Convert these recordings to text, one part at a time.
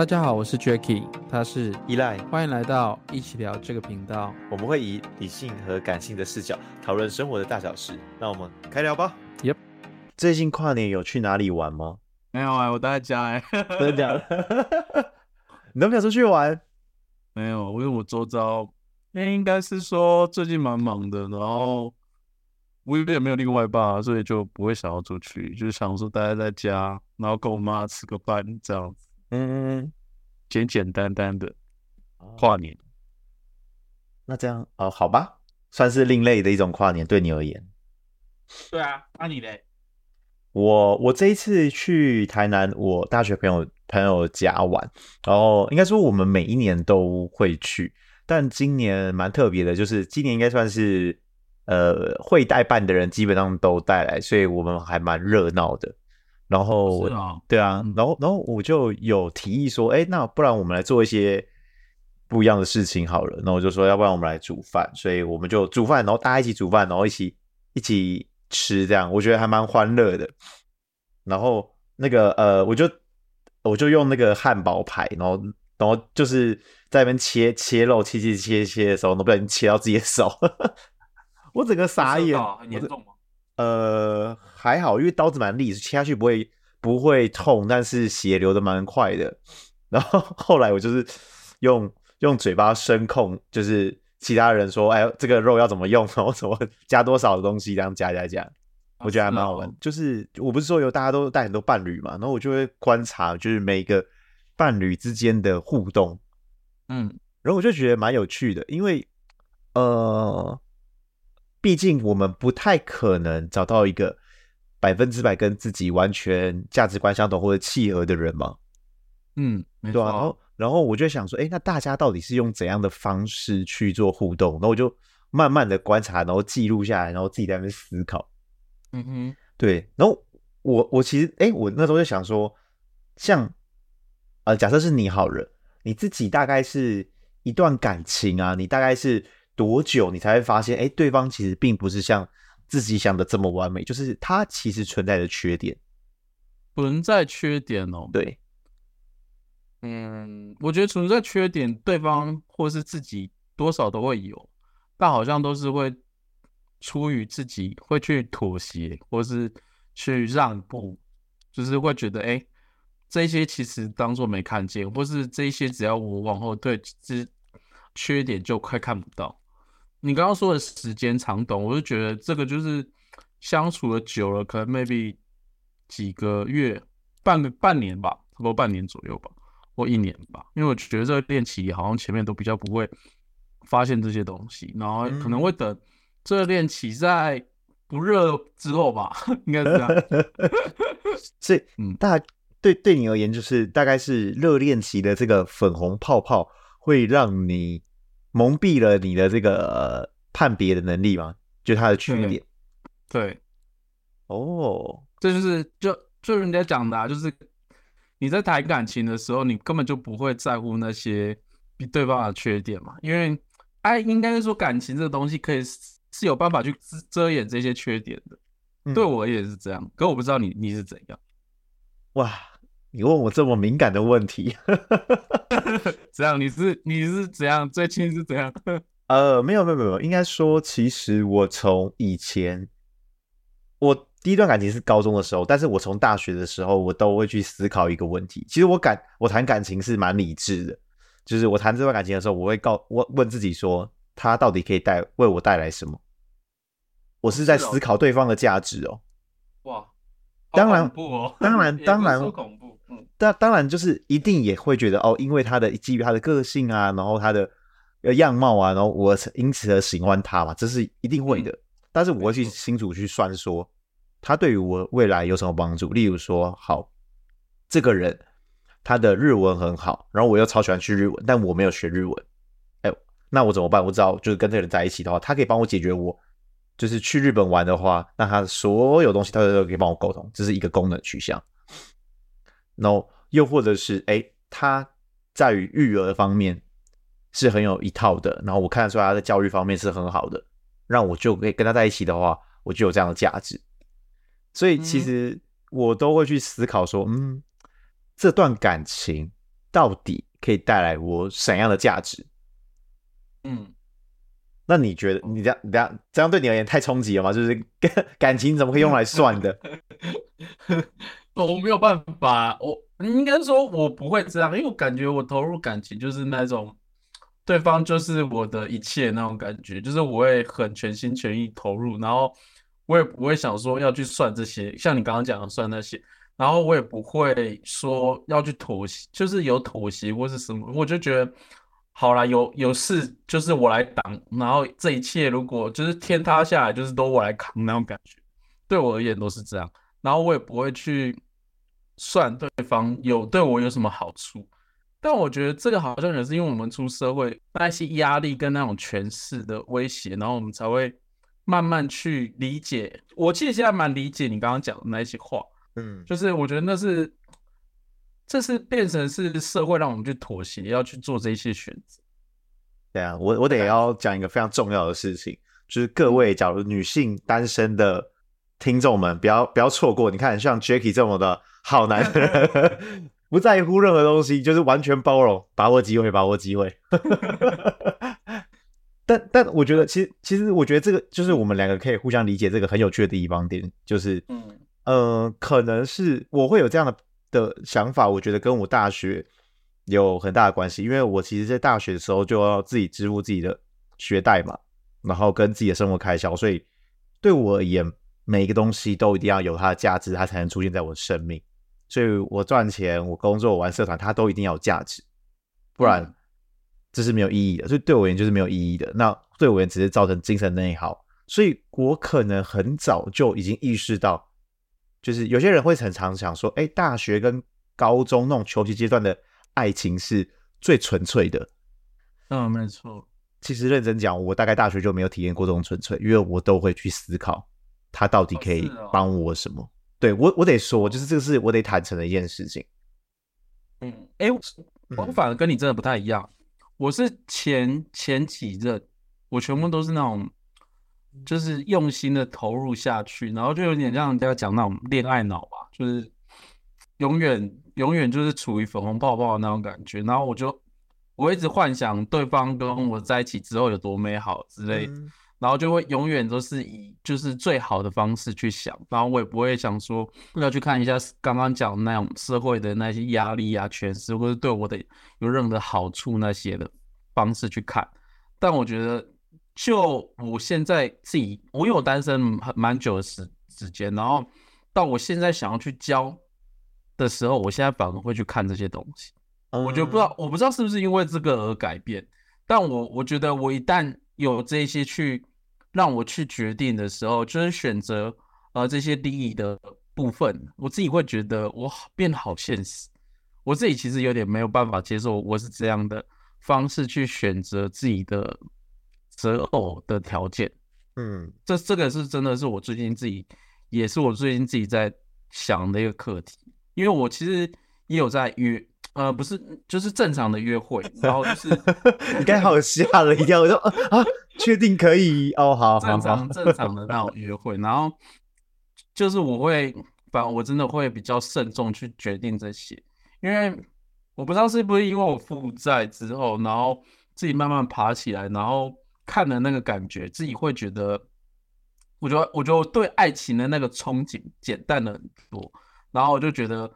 大家好，我是 Jacky，他是依賴，Eli，歡迎來到一起聊這個頻道。我們會以理性和感性的視角討論生活的大小事。那我們開聊吧。Yep，最近跨年有去哪裡玩嗎？沒有啊、哎，我待在家哎， 真的假的？ 你有沒有出去玩？沒有，因為我周遭那應該是說最近蠻忙的，然後我也沒有另外一半，所以就不會想要出去，就是想說待在家，然後跟我媽吃個飯這樣嗯嗯。簡簡單單的跨年，那這樣哦，好吧，算是另類的一種跨年，對你而言，對啊，那、啊、你嘞？我我這一次去台南，我大學朋友朋友家玩，然後應該說我們每一年都會去，但今年蠻特別的，就是今年應該算是呃會帶伴的人基本上都帶來，所以我們還蠻熱鬧的。然後，啊對啊，然後，然後我就有提議說，哎，那不然我們來做一些不一樣的事情好了。然後我就說，要不然我們來煮飯，所以我們就煮飯，然後大家一起煮飯，然後一起一起吃，這樣我覺得還蠻歡樂的。然後那個呃，我就我就用那個漢堡排，然後然後就是在那邊切切肉，切，切切切切的時候，不小心切到自己的手。 我整個傻眼，這很嚴重。呃，還好，因為刀子蠻利子，切下去不會不會痛，但是血流得蠻快的。然後後來我就是用用嘴巴聲控，就是其他人說：“哎，這個肉要怎麼用？然後怎麼加多少的東西？”這樣加加加，我覺得還蠻好玩。啊、是嗎？就是我不是說有大家都帶很多伴侶嘛，然後我就會觀察，就是每一個伴侶之間的互動，嗯，然後我就覺得蠻有趣的，因為呃。畢竟我們不太可能找到一個百分之百跟自己完全價值觀相同或者契合的人嘛，嗯，對啊。然後，然後我就想說，哎，那大家到底是用怎樣的方式去做互動？然後我就慢慢的觀察，然後記錄下來，然後自己在那邊思考。嗯哼，對。然後我，我其實，哎，我那時候就想說，像，呃，假設是你好了，你自己大概是一段感情啊，你大概是。多久你才會發現？哎、欸，對方其實並不是像自己想的這麼完美，就是他其實存在的缺點，存在缺點哦。對，嗯，我覺得存在缺點，對方或是自己多少都會有，但好像都是會出於自己會去妥協，或是去讓步，就是會覺得哎、欸，這些其實當作沒看見，或是這些只要我往後退，這缺點就快看不到。你剛剛說的時間長短，我就覺得這個就是相處的久了，可能 maybe 幾個月、半個半年吧，差不多半年左右吧，或一年吧。因為我覺得這個戀情好像前面都比較不會發現這些東西，然後可能會等這戀情在不熱之後吧，嗯、應該是這樣。所以， 大對對你而言，就是大概是熱戀期的這個粉紅泡泡會讓你。蒙蔽了你的這個判別的能力嗎？就他的缺點。對，哦，oh. 這就是就就人家講的，啊，就是你在談感情的時候，你根本就不會在乎那些比對方的缺點嘛，因為愛，哎，應該是說感情這個東西可以是有辦法去遮掩這些缺點的。嗯，對我也是這樣，可我不知道你你是怎樣。哇。你問我這麼敏感的問題，這 樣，你是你是怎樣？最近是怎樣？呃，沒有沒有沒有，應該說其實我從以前，我第一段感情是高中的時候，但是我從大學的時候，我都會去思考一個問題。其實我感我談感情是蠻理智的，就是我談這段感情的時候，我會告我問自己說，他到底可以帶為我帶來什麼？我是在思考對方的價值、喔、哦。哇，哦、當然不哦，當然當然。但當然，就是一定也會覺得哦，因為他的基於他的個性啊，然後他的樣貌啊，然後我因此而喜歡他嘛，這是一定會的。但是我會去清楚去算說，他對於我未來有什麼幫助。例如說，好，這個人他的日文很好，然後我又超喜歡去日文，但我沒有學日文，哎，那我怎麼辦？我知道，就是跟這個人在一起的話，他可以幫我解決我就是去日本玩的話，那他所有東西他都可以幫我溝通，這是一個功能取向。然後，no, 又或者是哎、欸，他在於育兒的方面是很有一套的。然後我看得出來他在教育方面是很好的，讓我就可以跟他在一起的話，我就有這樣的價值。所以其實我都會去思考說，嗯，這段感情到底可以帶來我什麼樣的價值？嗯，那你覺得你這樣這樣這樣對你而言太衝擊了嗎？就是感情怎麼可以用來算的？ 我沒有辦法，我應該說，我不會這樣，因為我感覺我投入感情就是那種對方就是我的一切那種感覺，就是我會很全心全意投入，然後我也不會想說要去算這些，像你剛剛講的算那些，然後我也不會說要去妥協，就是有妥協或是什麼，我就覺得好啦，有有事就是我來擋，然後這一切如果就是天塌下來就是都我來扛那種感覺，對我而言都是這樣，然後我也不會去。算對方有對我有什麼好處，但我覺得這個好像也是因為我們出社會那一些壓力跟那種權勢的威脅，然後我們才會慢慢去理解。我其實現在蠻理解你剛剛講的那一些話，嗯，就是我覺得那是這是變成是社會讓我們去妥協，要去做這些選擇。對啊，嗯，我我得要講一個非常重要的事情，就是各位假如女性單身的。聽眾們，不要不要錯過！你看，像 Jacky 這麼的好男人， 不在乎任何東西，就是完全包容，把握機會，把握機會。 但但我覺得，其實其實我覺得這個就是我們兩個可以互相理解這個很有趣的地方點，就是，嗯、呃，可能是我會有這樣的的想法，我覺得跟我大學有很大的關係，因為我其實在大學的時候就要自己支付自己的學貸嘛，然後跟自己的生活開銷，所以對我而言。每一個東西都一定要有它的價值，它才能出現在我的生命。所以我賺錢、我工作、我玩社團，它都一定要有價值，不然這是沒有意義的。所以對我而言就是沒有意義的。那對我而言只是造成精神內耗。所以我可能很早就已經意識到，就是有些人會很常想說：“誒、欸，大學跟高中那種求學階段的愛情是最純粹的。”嗯、哦，沒錯。其實認真講，我大概大學就沒有體驗過這種純粹，因為我都會去思考。他到底可以幫我什麼？哦？哦、對我，我得說，就是這個是我得坦誠的一件事情。嗯，哎、欸，我反而跟你真的不太一樣。嗯、我是前前幾任，我全部都是那種，就是用心的投入下去，然後就有點像人家講那種戀愛腦吧，就是永遠永遠就是處於粉紅泡泡的那種感覺。然後我就我一直幻想對方跟我在一起之後有多美好之類的。嗯然後就會永遠都是以就是最好的方式去想，然後我也不會想說要去看一下剛剛講的那種社會的那些壓力啊、全釋，或者對我的有任何好處那些的方式去看。但我覺得，就我現在自己，我有單身很蠻久的時時間，然後到我現在想要去交的時候，我現在反而會去看這些東西。嗯、我就不知道，我不知道是不是因為這個而改變。但我我覺得，我一旦有這些去。讓我去決定的時候，就是選擇呃這些利益的部分，我自己會覺得我變得好現實，我自己其實有點沒有辦法接受我是這樣的方式去選擇自己的擇偶的條件，嗯，這這個是真的是我最近自己，也是我最近自己在想的一個課題，因為我其實也有在約，呃，不是，就是正常的約會， 然後就是 你剛好嚇了一跳， 我說啊。確定可以哦，oh, 好，好，正常正常的那種約會， 然後就是我會，反正我真的會比較慎重去決定這些，因為我不知道是不是因為我負債之後，然後自己慢慢爬起來，然後看了那個感覺，自己會覺得，我覺得，我覺得我覺得我對愛情的那個憧憬減淡了很多，然後我就覺得，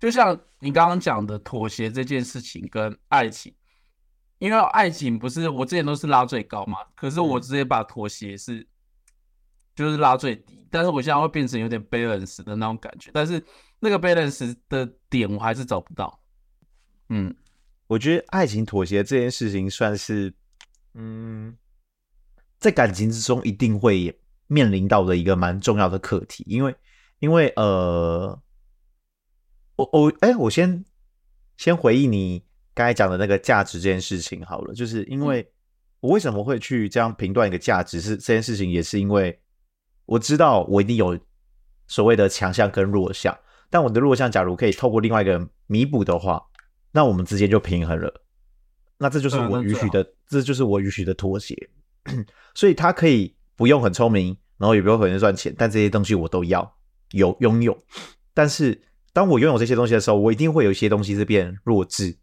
就像你剛剛講的妥協這件事情跟愛情。因為愛情不是我之前都是拉最高嘛，可是我直接把妥協是、嗯、就是拉最低，但是我現在會變成有點 balance 的那種感覺，但是那個 balance 的點我還是找不到。嗯，我覺得愛情妥協這件事情算是嗯，在感情之中一定會面臨到的一個蠻重要的課題，因為因為呃，我我哎、喔欸，我先先回憶你。剛才講的那個價值這件事情，好了，就是因為我為什麼會去這樣評斷一個價值是這件事情，也是因為我知道我一定有所謂的強項跟弱項，但我的弱項假如可以透過另外一個彌補的話，那我們之間就平衡了。那這就是我允許的，就這就是我允許的妥協， 所以他可以不用很聰明，然後也不用很會賺錢，但這些東西我都要有擁有，但是。當我擁有這些東西的時候，我一定會有一些東西是變弱智。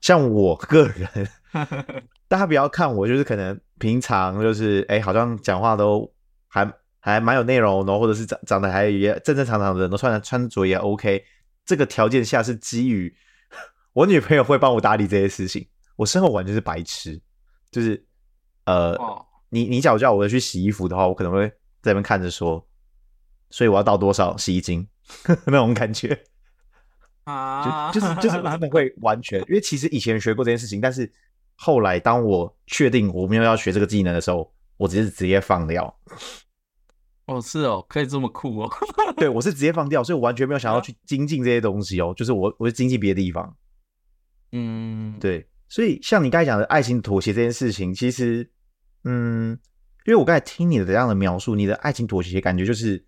像我個人，大家不要看我，就是可能平常就是哎，好像講話都還還蠻有內容，然後或者是長長得還也正正常常的，都穿穿着也 OK。這個條件下是基於我女朋友會幫我打理這些事情，我身後完全是白痴。就是呃，你你假如叫我去洗衣服的話，我可能會在那邊看着說，所以我要倒多少洗衣精？ 那種感覺啊，就是就是他們會完全，因為其實以前學過這件事情，但是後來當我確定我沒有要學這個技能的時候，我直接是直接放掉。哦，是哦，可以這麼酷哦。對，我是直接放掉，所以我完全沒有想要去精進這些東西哦，就是我我是精進別的地方。嗯，對，所以像你剛才講的愛情妥協這件事情，其實嗯，因為我剛才聽你的這樣的描述，你的愛情妥協的感覺就是。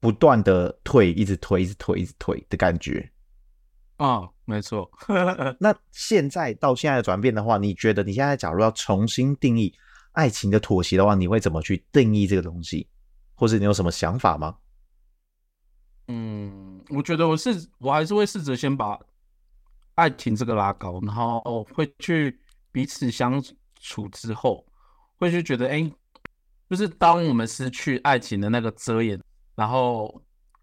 不斷的退，一直退，一直退，一直退的感覺。啊、哦，沒錯。 那現在到現在的轉變的話，你覺得你現在假如要重新定義愛情的妥協的話，你會怎麼去定義這個東西？或是你有什麼想法嗎？嗯，我覺得我是我還是會試着先把愛情這個拉高，然後我會去彼此相處之後，會去覺得哎、欸，就是當我們失去愛情的那個遮掩。然後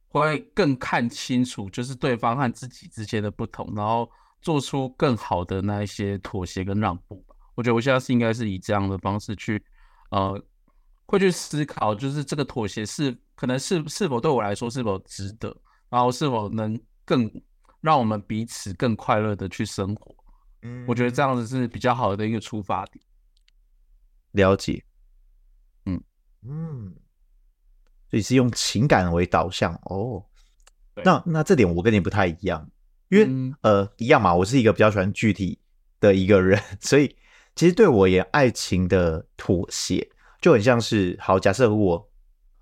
會更看清楚，就是對方和自己之間的不同，然後做出更好的那一些妥協跟讓步吧。我覺得我現在是應該是以這樣的方式去，呃，會去思考，就是這個妥協是可能是是否對我來說是否值得，然後是否能更讓我們彼此更快樂的去生活。嗯，我覺得這樣子是比較好的一個出發點。了解。嗯嗯。所以是用情感為導向哦，對那那這點我跟你不太一樣，因為、嗯、呃一樣嘛，我是一個比較喜歡具體的一個人，所以其實對我而言愛情的妥協就很像是好，假設我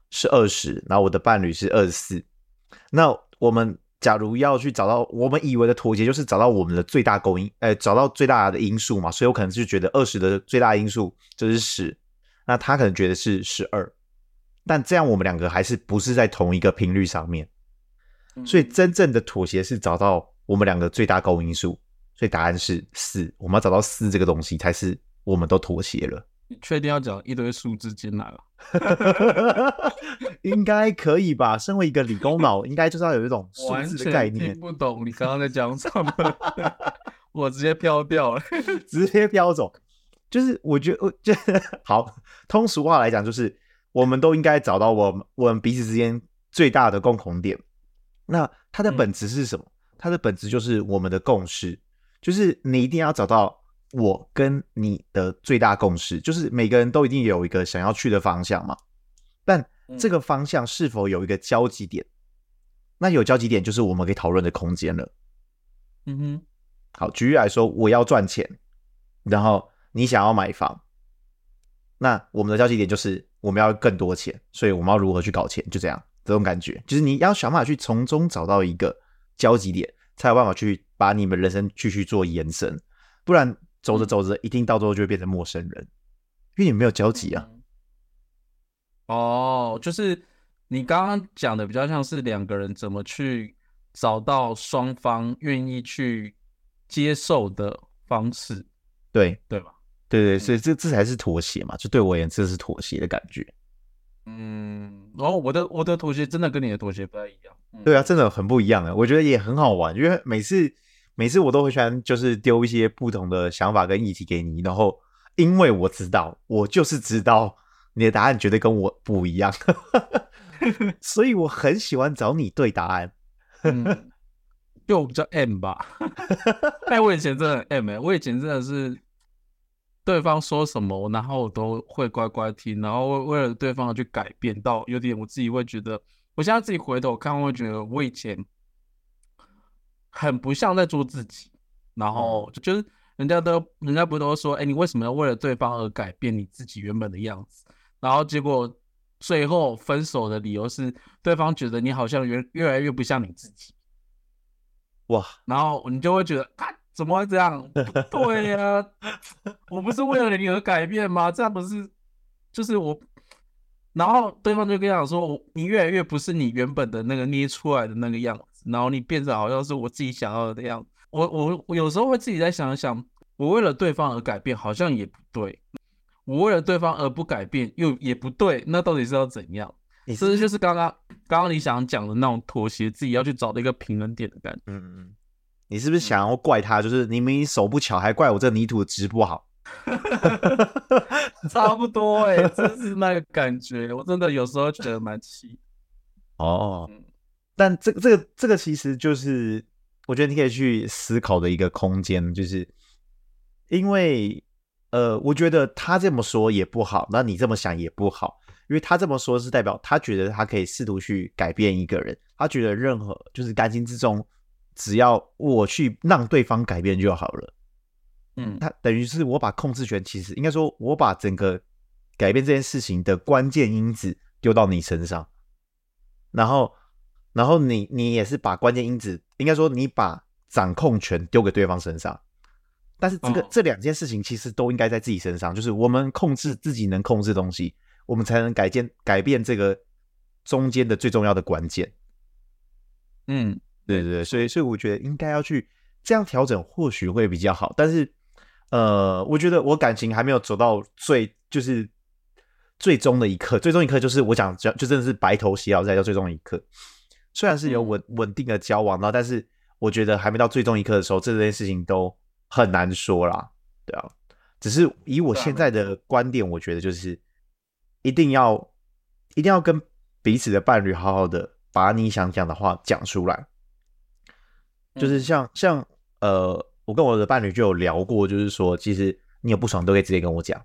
是二十，然後我的伴侶是二十四，那我們假如要去找到我們以為的妥協，就是找到我們的最大公因，呃，找到最大的因素嘛，所以我可能就覺得二十的最大因素就是十，那他可能覺得是十二。但這樣我們兩個還是不是在同一個頻率上面，所以真正的妥協是找到我們兩個最大公因數。所以答案是四，我們要找到四這個東西才是我們都妥協了。你確定要講一堆數字進來了， 應該可以吧。身為一個理工腦，應該就是要有一種數字的概念。我聽不懂你剛剛在講什麼？ 我直接飄掉了 直接飄走。就是我覺得，我覺得好通俗話來講就是。我們都應該找到我們，我們彼此之間最大的共同點。那它的本質是什麼？嗯、它的本質就是我們的共識，就是你一定要找到我跟你的最大共識，就是每個人都一定有一個想要去的方向嘛。但這個方向是否有一個交集點？那有交集點就是我們可以討論的空間了。嗯哼，好，舉例來說，我要賺錢，然後你想要買房，那我們的交集點就是。我們要更多錢，所以我們要如何去搞錢，就這樣，這種感覺就是你要想辦法去從中找到一個交集點，才有辦法去把你們人生繼續做延伸，不然走着走着一定到最後就會變成陌生人，因為你沒有交集啊。哦，oh, 就是你剛剛講的比較像是兩個人怎麼去找到雙方願意去接受的方式，對，對吧？對對，所以這這才是妥協嘛，就對我而言，這是妥協的感覺。嗯，然、哦、後我的我的妥協真的跟你的妥協不太一樣。嗯、對啊，真的很不一樣的，我覺得也很好玩，因為每次每次我都會先就是丟一些不同的想法跟議題給你，然後因為我知道我就是知道你的答案絕對跟我不一樣， 所以我很喜歡找你對答案。嗯、就比較 M 吧，哎 我以前真的很 M 哎、欸，我以前真的是。對方說什麼，然後我都會乖乖聽，然後為為了對方而去改變，到有點我自己會覺得，我現在自己回頭看，我會覺得我以前很不像在做自己。然後就，嗯，就是人家都，人家不都說，哎，你為什麼要為了對方而改變你自己原本的樣子？然後結果最後分手的理由是，對方覺得你好像越越來越不像你自己。哇，然後你就會覺得。怎麼會這樣？不對呀，啊， 我不是為了你而改變嗎？這樣不是就是我。然後對方就跟你講說，我你越來越不是你原本的那個捏出來的那個樣子，然後你變成好像是我自己想要的樣子。我我，我有時候會自己在想一想，我為了對方而改變好像也不對，我為了對方而不改變又也不對，那到底是要怎樣？其實意思 就是剛剛剛剛你想講的那種妥協，自己要去找的一個平衡點的感覺。嗯嗯。你是不是想要怪他？嗯、就是你明明手不巧，還怪我這泥土質不好。 差不多欸，真 是那個感覺。我真的有時候覺得蠻奇。哦，嗯、但這個、這個、這個其實就是，我覺得你可以去思考的一個空間，就是因為呃，我覺得他這麼說也不好，那你這麼想也不好，因為他這麼說，是代表他覺得他可以試圖去改變一個人，他覺得任何就是感情之中。只要我去讓對方改變就好了，嗯，他等於是我把控制權，其實應該說我把整個改變這件事情的關鍵因子丟到你身上，然後，然後你你也是把關鍵因子，應該說你把掌控權丟給對方身上，但是這個這兩件事情其實都應該在自己身上，就是我們控制自己能控制的東西，我們才能改建、改變這個中間的最重要的關鍵，嗯。對對對，所以所以我覺得應該要去這樣調整，或許會比較好。但是，呃，我覺得我感情還沒有走到最就是最終的一刻，最終一刻就是我講就就真的是白頭偕老才叫最終一刻。雖然是有穩穩定的交往了，但是我覺得還沒到最終一刻的時候，這件事情都很難說啦。對啊，只是以我現在的觀點，我覺得就是一定要一定要跟彼此的伴侶好好的把你想講的話講出來。就是像像呃，我跟我的伴侶就有聊過，就是說，其實你有不爽都可以直接跟我講，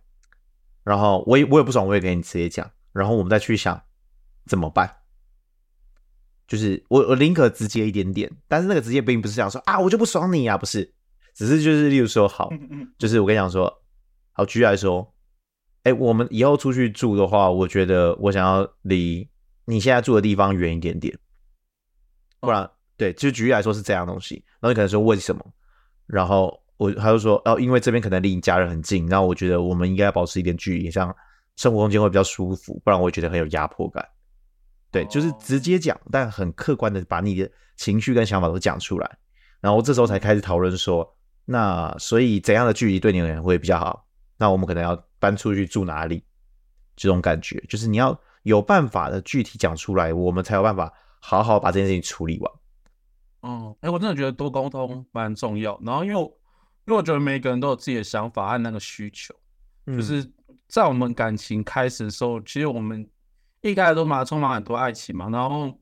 然後我也我也不爽我也跟你直接講，然後我們再去想怎麼辦。就是我我寧可直接一點點，但是那個直接並不是這樣說啊，我就不爽你啊，不是，只是就是例如說好，就是我跟你講說，好繼續來說，哎、欸，我們以後出去住的話，我覺得我想要離你現在住的地方遠一點點，不然。Oh. 對，就舉例來說是這樣的東西，然後你可能說為什麼？然後我他就說哦，因為這邊可能離你家人很近，那我覺得我們應該要保持一點距離，這樣生活空間會比較舒服，不然我也覺得很有壓迫感。對，就是直接講，但很客觀的把你的情緒跟想法都講出來，然後我這時候才開始討論說，那所以怎樣的距離對你而言會比較好？那我們可能要搬出去住哪裡？這種感覺就是你要有辦法的具體講出來，我們才有辦法好好把這件事情處理完。嗯，哎、欸，我真的覺得多溝通蠻重要。然後，因為，因為我覺得每個人都有自己的想法和那個需求。就是在我們感情開始的時候，嗯、其實我們一開始都蠻充滿很多愛情嘛。然後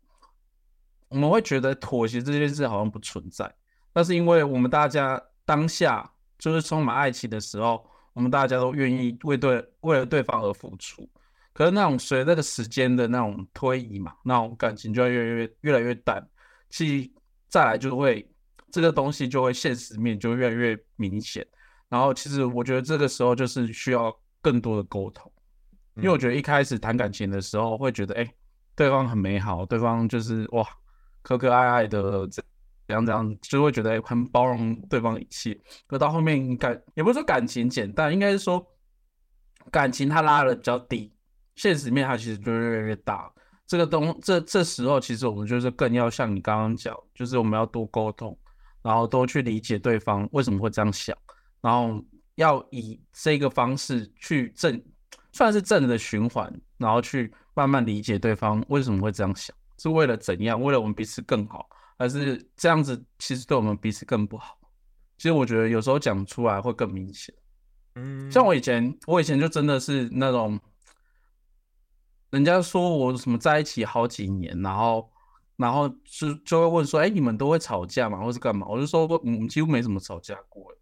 我們會覺得妥協這件事好像不存在。那是因為我們大家當下就是充滿愛情的時候，我們大家都願意為對為了對方而付出。可是那種隨着那個時間的那種推移嘛，那種感情就會越來越越來越淡去。再來就會，這個東西就會現實面就越來越明顯。然後其實我覺得這個時候就是需要更多的溝通，嗯、因為我覺得一開始談感情的時候會覺得，哎、欸，對方很美好，對方就是哇，可可愛愛的，怎樣怎樣，就會覺得很包容對方一切。可、嗯、到後面感也不是說感情簡單，應該是說感情它拉的比較低，現實面它其實就越來越大。這個東這這時候，其實我們就是更要像你剛剛講，就是我們要多溝通，然後多去理解對方為什麼會這樣想，然後要以這個方式去正，算是正的循環，然後去慢慢理解對方為什麼會這樣想，是為了怎樣？為了我們彼此更好，還是這樣子其實對我們彼此更不好？其實我覺得有時候講出來會更明顯。嗯，像我以前，我以前就真的是那種。人家說我什麼在一起好幾年，然後，然後就就會問說，哎、欸，你們都會吵架嗎？或是幹嘛？我就說我，我們幾乎沒什麼吵架過，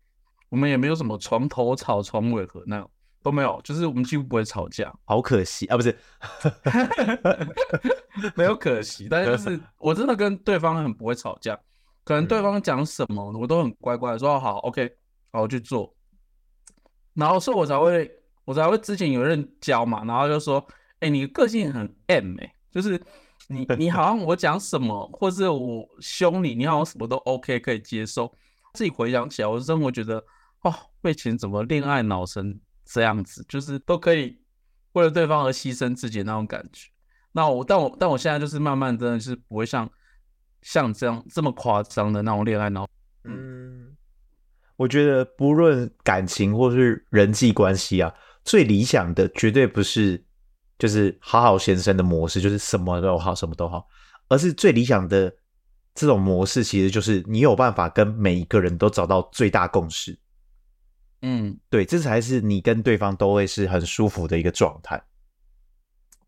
我們也沒有什麼床頭吵床尾和那種。都沒有，就是我們幾乎不會吵架。好可惜啊，不是， 沒有可惜， 但是我真的跟對方很不會吵架， 可能對方講什麼，我都很乖乖的說好，OK，好去做，然後所以我才會，我才會之前有人教嘛，然後就說。哎、欸，你個性很 M 哎、欸，就是你，你好像我講什麼， 或是我凶你，你好像什麼都 OK 可以接受。自己回想起來，我真的覺得，哦，為情怎麼戀愛腦成這樣子，就是都可以為了對方而犧牲自己那種感覺。那我，但我，但我現在就是慢慢真的是不會像像這樣這麼誇張的那種戀愛腦。嗯，我覺得不論感情或是人際關係啊，最理想的絕對不是。就是好好先生的模式，就是什麼都好，什麼都好，而是最理想的這種模式，其實就是你有辦法跟每一個人都找到最大共識。嗯，對，這才是你跟對方都會是很舒服的一個狀態。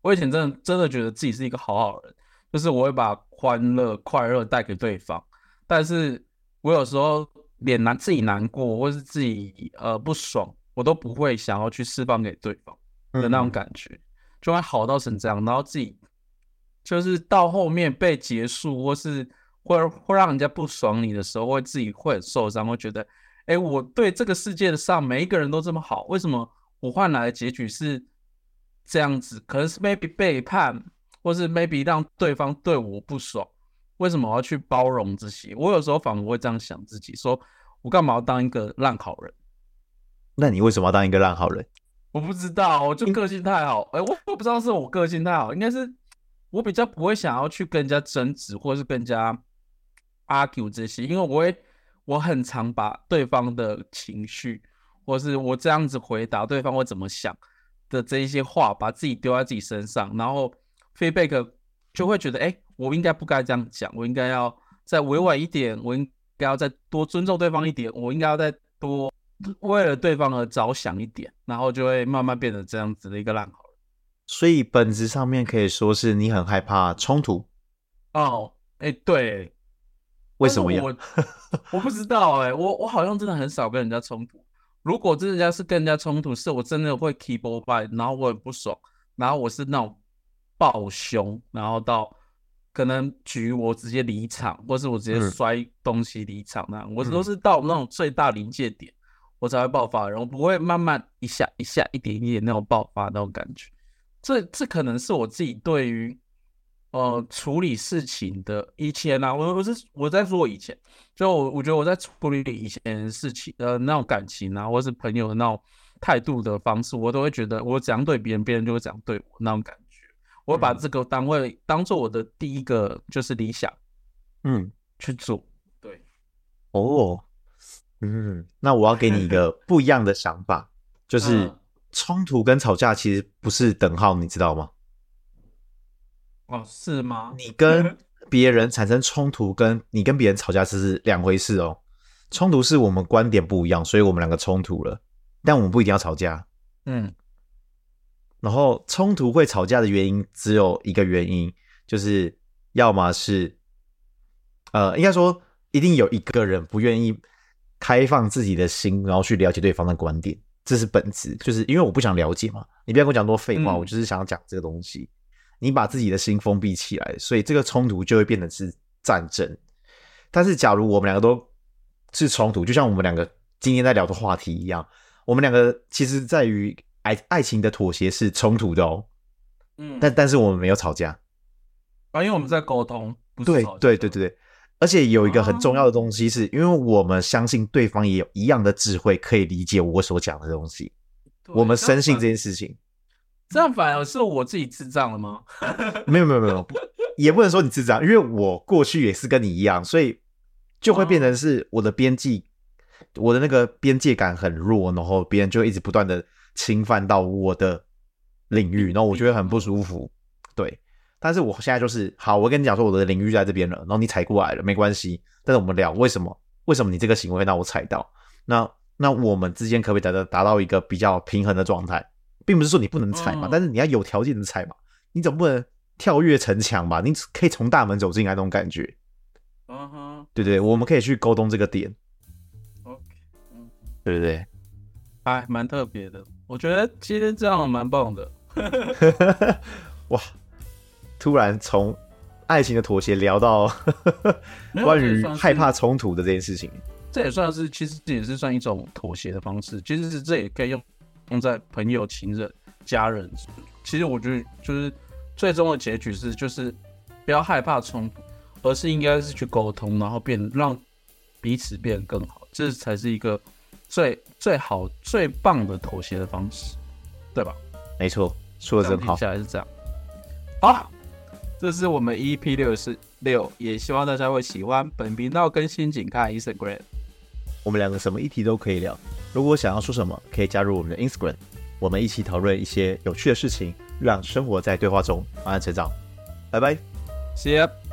我以前真的真的覺得自己是一個好好人，就是我會把歡樂、快樂帶給對方，但是我有時候臉難自己難過，或是自己呃不爽，我都不會想要去釋放給對方的那種感覺。嗯就會好到成這樣，然後自己就是到後面被結束，或是會會讓人家不爽你的時候，會自己會很受傷，會覺得，哎，我對這個世界上每一個人都這麼好，為什麼我換來的結局是這樣子？可能是 maybe 背叛，或是 maybe 讓對方對我不爽，為什麼我要去包容這些？我有時候反而會這樣想自己，說我幹嘛要當一個爛好人？那你為什麼要當一個爛好人？我不知道，我就個性太好，哎、欸，我我不知道是我個性太好，應該是我比較不會想要去跟人家爭執，或是跟人家 argue 這些，因為我會，我很常把對方的情緒，或是我這樣子回答對方會怎麼想的這一些話，把自己丟在自己身上，然後 feedback 就會覺得，哎、嗯欸，我應該不該這樣講，我應該要再委婉一點，我應該要再多尊重對方一點，我應該要再多。為了對方而着想一點，然後就會慢慢變成這樣子的一個爛好人。所以本質上面可以說是你很害怕衝突。哦，哎，對、欸，我為什麼呀？ 我不知道哎、欸，我我好像真的很少跟人家衝突。如果真人家是跟人家衝突，是我真的會 keyboard fight，然後我很不爽，然後我是那種爆胸，然後到可能局我直接離場，或是我直接摔東西離場、嗯、那樣。我都是，是到那種最大臨界點。嗯我才會爆發，然後不會慢慢一下一下一點一點那種爆發那種感覺。這這可能是我自己對於呃處理事情的以前啊，我我是我在說以前，就我我覺得我在處理以前的事情呃那種感情啊，或是朋友的那種態度的方式，我都會覺得我怎樣對別人，別人就會怎樣對我那種感覺。我會把這個單位當做我的第一個就是理想，嗯，去做。對，哦。嗯，那我要給你一個不一樣的想法， 就是衝突跟吵架其實不是等號，你知道嗎？哦，是嗎？ 你跟別人產生衝突，跟你跟別人吵架其實是兩回事哦。衝突是我們觀點不一樣，所以我們兩個衝突了，但我們不一定要吵架。嗯，然後衝突會吵架的原因只有一個原因，就是要麼是，呃，應該說一定有一個人不願意。開放自己的心，然後去了解對方的觀點，這是本質。就是因為我不想了解嘛，你不要跟我講多廢話，嗯、我就是想要講這個東西。你把自己的心封閉起來，所以這個衝突就會變成是戰爭。但是，假如我們兩個都是衝突，就像我們兩個今天在聊的話題一樣，我們兩個其實在於愛愛情的妥協是衝突的哦。嗯，但但是我們沒有吵架，啊，因為我們在溝通，不是吵架。對對對對對。而且有一個很重要的東西，是因為我們相信對方也有一樣的智慧，可以理解我所講的東西。我們深信這件事情。這樣反而是我自己智障了嗎？沒有沒有沒有，也不能說你智障，因為我過去也是跟你一樣，所以就會變成是我的邊際，我的那個邊界感很弱，然後別人就一直不斷的侵犯到我的領域，然後我覺得很不舒服。對。但是我現在就是，好，我跟你講說我的領域在這邊了，然後你踩過來了，沒關係。但是我們聊為什麼？為什麼你這個行為讓我踩到？那那我們之間可不可以達到達到一個比較平衡的狀態？並不是說你不能踩嘛，但是你要有條件的踩嘛。你總不能跳躍城牆吧？你可以從大門走進來那種感覺。嗯哼、uh-huh. 對，對對，我們可以去溝通這個點。OK，嗯，對不對，對？哎，蠻特別的，我覺得今天這樣蠻棒的。 哇！突然從愛情的妥協聊到 關於害怕衝突的這件事情，也這也算是其實這也是算一種妥協的方式。其實這也可以用用在朋友、情人、家人。其實我覺得就是最終的結局是就是不要害怕衝突，而是應該是去溝通，然後變讓彼此變得更好，這才是一個最最好最棒的妥協的方式，對吧？沒錯，說得真好，接下來是這樣，好。好這是我們 EP 零六六，也希望大家會喜歡本頻道更新，僅看 Instagram。我們兩個什麼議題都可以聊，如果想要說什麼，可以加入我們的 Instagram，我們一起討論一些有趣的事情，讓生活在對話中慢慢成長。拜拜，謝謝。